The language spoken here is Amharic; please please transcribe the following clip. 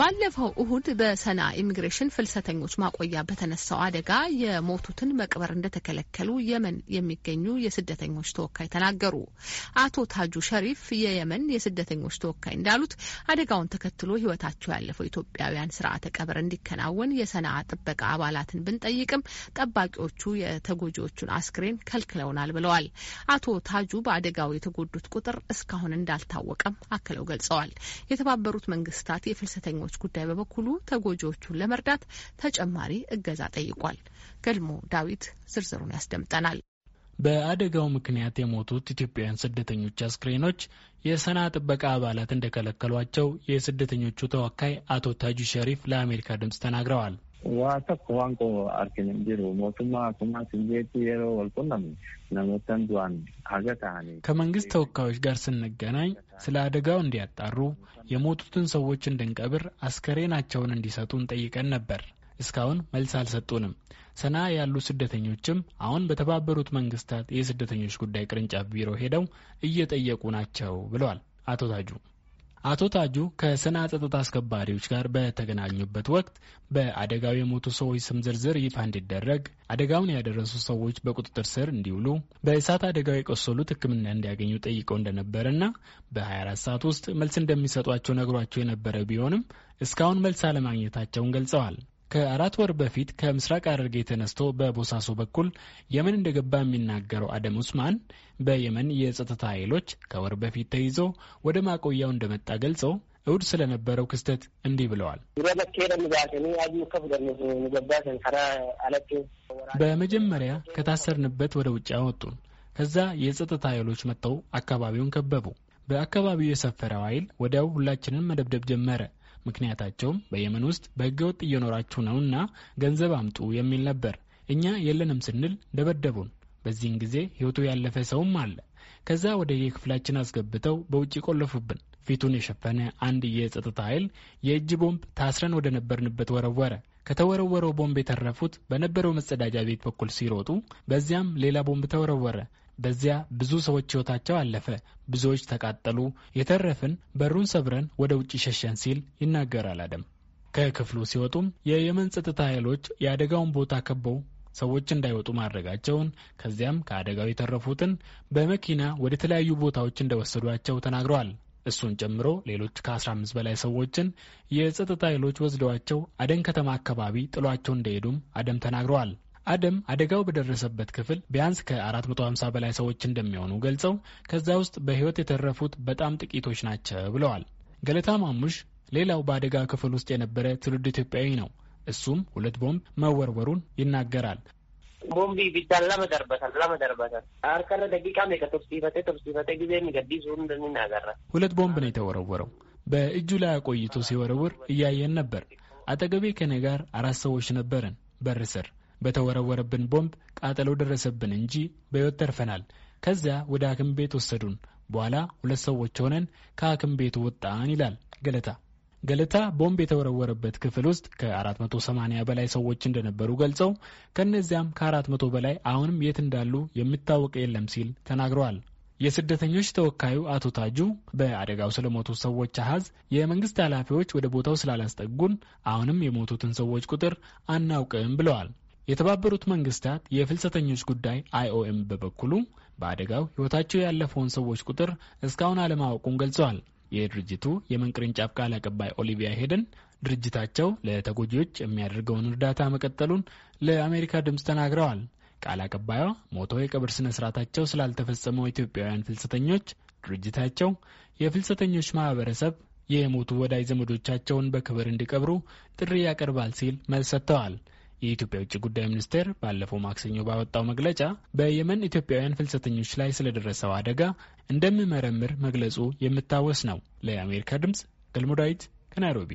ባለፈው እሁድ በሰና ኢሚግሬሽን ፍልሰተኞች ማቆያ በተነሳው አደጋ የሞቱትን መቅበር እንደተከለከሉ የመን የሚገኙ የስደተኞች ተወካይ ተናገሩ። አቶ ታጁ ሸሪፍ የየመን የስደተኞች ተወካይ እንዳሉት አደጋውን ተከትሎ ሕይወታቸው ያለፈው ኢትዮጵያውያን ስርዓተ ቀብር እንዲከናወን የሰና ጥበቃ አባላትን ብንጠይቅም ጠባቂዎቹ የተጎጂዎቹን አስክሬን ከልክለውናል ብለዋል። አቶ ታጁ በአደጋው የተጎዱት ቁጥር እስካሁን እንዳልታወቀም አክለው ገልጸዋል። የተባበሩት መንግስታት የፍልሰተኞች ጉዳዮች ጉዳይ በበኩሉ ተጎጂዎቹን ለመርዳት ተጨማሪ እገዛ ጠይቋል። ገልሞ ዳዊት ዝርዝሩን ያስደምጠናል። በአደጋው ምክንያት የሞቱት ኢትዮጵያውያን ስደተኞች አስክሬኖች የሰና ጥበቃ አባላት እንደከለከሏቸው የስደተኞቹ ተወካይ አቶ ታጁ ሸሪፍ ለአሜሪካ ድምፅ ተናግረዋል። waa tokko waan koo arginu hin jiru mootummaa akkuma yeroo wal ወልቁናም namoottan du'an haga ta'ani ከመንግስት ተወካዮች ጋር ስንገናኝ ስለ አደጋው እንዲያጣሩ የሞቱትን ሰዎች እንድንቀብር አስከሬናቸውን እንዲሰጡን ጠይቀን ነበር። እስካሁን መልስ አልሰጡንም። ሰና ያሉ ስደተኞችም አሁን በተባበሩት መንግስታት የስደተኞች ጉዳይ ቅርንጫፍ ቢሮ ሄደው እየጠየቁ ናቸው ብለዋል አቶ ታጁ። አቶ ታጁ ከሰና ጸጥታ አስከባሪዎች ጋር በተገናኙበት ወቅት በአደጋው የሞቱ ሰዎች ስም ዝርዝር ይፋ እንዲደረግ፣ አደጋውን ያደረሱ ሰዎች በቁጥጥር ስር እንዲውሉ፣ በእሳት አደጋው የቆሰሉት ሕክምና እንዲያገኙ ጠይቀው እንደነበረና በ24 ሰዓት ውስጥ መልስ እንደሚሰጧቸው ነግሯቸው የነበረ ቢሆንም እስካሁን መልስ አለማግኘታቸውን ገልጸዋል። ከአራት ወር በፊት ከምስራቅ ሐረርጌ ተነስቶ በቦሳሶ በኩል የመን እንደገባ የሚናገረው አደም ኡስማን በየመን የጸጥታ ኃይሎች ከወር በፊት ተይዞ ወደ ማቆያው እንደመጣ ገልጾ እሁድ ስለነበረው ክስተት እንዲህ ብለዋል። በመጀመሪያ ከታሰርንበት ወደ ውጭ አወጡን። ከዛ የጸጥታ ኃይሎች መጥተው አካባቢውን ከበቡ። በአካባቢው የሰፈረው ኃይል ወዲያው ሁላችንን መደብደብ ጀመረ። ምክንያታቸውም በየመን ውስጥ በህገወጥ እየኖራችሁ ነውና ገንዘብ አምጡ የሚል ነበር። እኛ የለንም ስንል ደበደቡን። በዚህን ጊዜ ህይወቱ ያለፈ ሰውም አለ። ከዛ ወደ የክፍላችን አስገብተው በውጭ ቆለፉብን። ፊቱን የሸፈነ አንድ የጸጥታ ኃይል የእጅ ቦምብ ታስረን ወደ ነበርንበት ወረወረ። ከተወረወረው ቦምብ የተረፉት በነበረው መጸዳጃ ቤት በኩል ሲሮጡ፣ በዚያም ሌላ ቦምብ ተወረወረ። በዚያ ብዙ ሰዎች ሕይወታቸው አለፈ፣ ብዙዎች ተቃጠሉ፣ የተረፍን በሩን ሰብረን ወደ ውጭ ሸሸን ሲል ይናገራል አደም። ከክፍሉ ሲወጡም የየመን ጸጥታ ኃይሎች የአደጋውን ቦታ ከበው ሰዎች እንዳይወጡ ማድረጋቸውን ከዚያም ከአደጋው የተረፉትን በመኪና ወደ ተለያዩ ቦታዎች እንደወሰዷቸው ተናግረዋል። እሱን ጨምሮ ሌሎች ከ15 በላይ ሰዎችን የጸጥታ ኃይሎች ወስደዋቸው አደን ከተማ አካባቢ ጥሏቸው እንደሄዱም አደም ተናግረዋል። አደም አደጋው በደረሰበት ክፍል ቢያንስ ከ450 በላይ ሰዎች እንደሚሆኑ ገልጸው ከዛ ውስጥ በሕይወት የተረፉት በጣም ጥቂቶች ናቸው ብለዋል። ገለታ ማሙሽ ሌላው በአደጋ ክፍል ውስጥ የነበረ ትውልድ ኢትዮጵያዊ ነው። እሱም ሁለት ቦምብ መወርወሩን ይናገራል። ቦምቢ ቢዳን ለመደርበታል ለመደርበታል አርከለ ደቂቃ ሜቀ ቶብሲፈቴ ጊዜ የሚገዲ ዙን እንደሚናገራ ሁለት ቦምብ ነው የተወረወረው። በእጁ ላይ አቆይቶ ሲወረውር እያየን ነበር። አጠገቤ ከኔ ጋር አራት ሰዎች ነበርን በር ስር በተወረወረብን ቦምብ ቃጠሎ ደረሰብን እንጂ በሕይወት ተርፈናል። ከዚያ ወደ ሐኪም ቤት ወሰዱን። በኋላ ሁለት ሰዎች ሆነን ከሐኪም ቤቱ ወጣን ይላል ገለታ። ገለታ ቦምብ የተወረወረበት ክፍል ውስጥ ከ480 በላይ ሰዎች እንደነበሩ ገልጸው ከእነዚያም ከ400 በላይ አሁንም የት እንዳሉ የሚታወቅ የለም ሲል ተናግረዋል። የስደተኞች ተወካዩ አቶ ታጁ በአደጋው ስለሞቱ ሰዎች አሀዝ የመንግስት ኃላፊዎች ወደ ቦታው ስላላስጠጉን አሁንም የሞቱትን ሰዎች ቁጥር አናውቅም ብለዋል። የተባበሩት መንግስታት የፍልሰተኞች ጉዳይ አይኦኤም በበኩሉ በአደጋው ሕይወታቸው ያለፈውን ሰዎች ቁጥር እስካሁን አለማወቁን ገልጸዋል። የድርጅቱ የመን ቅርንጫፍ ቃል አቀባይ ኦሊቪያ ሄደን ድርጅታቸው ለተጎጂዎች የሚያደርገውን እርዳታ መቀጠሉን ለአሜሪካ ድምፅ ተናግረዋል። ቃል አቀባዩ ሞቶ የቀብር ስነ ስርዓታቸው ስላልተፈጸመው ኢትዮጵያውያን ፍልሰተኞች ድርጅታቸው የፍልሰተኞች ማህበረሰብ የሞቱ ወዳጅ ዘመዶቻቸውን በክብር እንዲቀብሩ ጥሪ ያቀርባል ሲል መልስ ሰጥተዋል። የኢትዮጵያ ውጭ ጉዳይ ሚኒስቴር ባለፈው ማክሰኞ ባወጣው መግለጫ በየመን ኢትዮጵያውያን ፍልሰተኞች ላይ ስለደረሰው አደጋ እንደምመረምር መግለጹ የምታወስ ነው። ለአሜሪካ ድምጽ ገልሞ ከናይሮቢ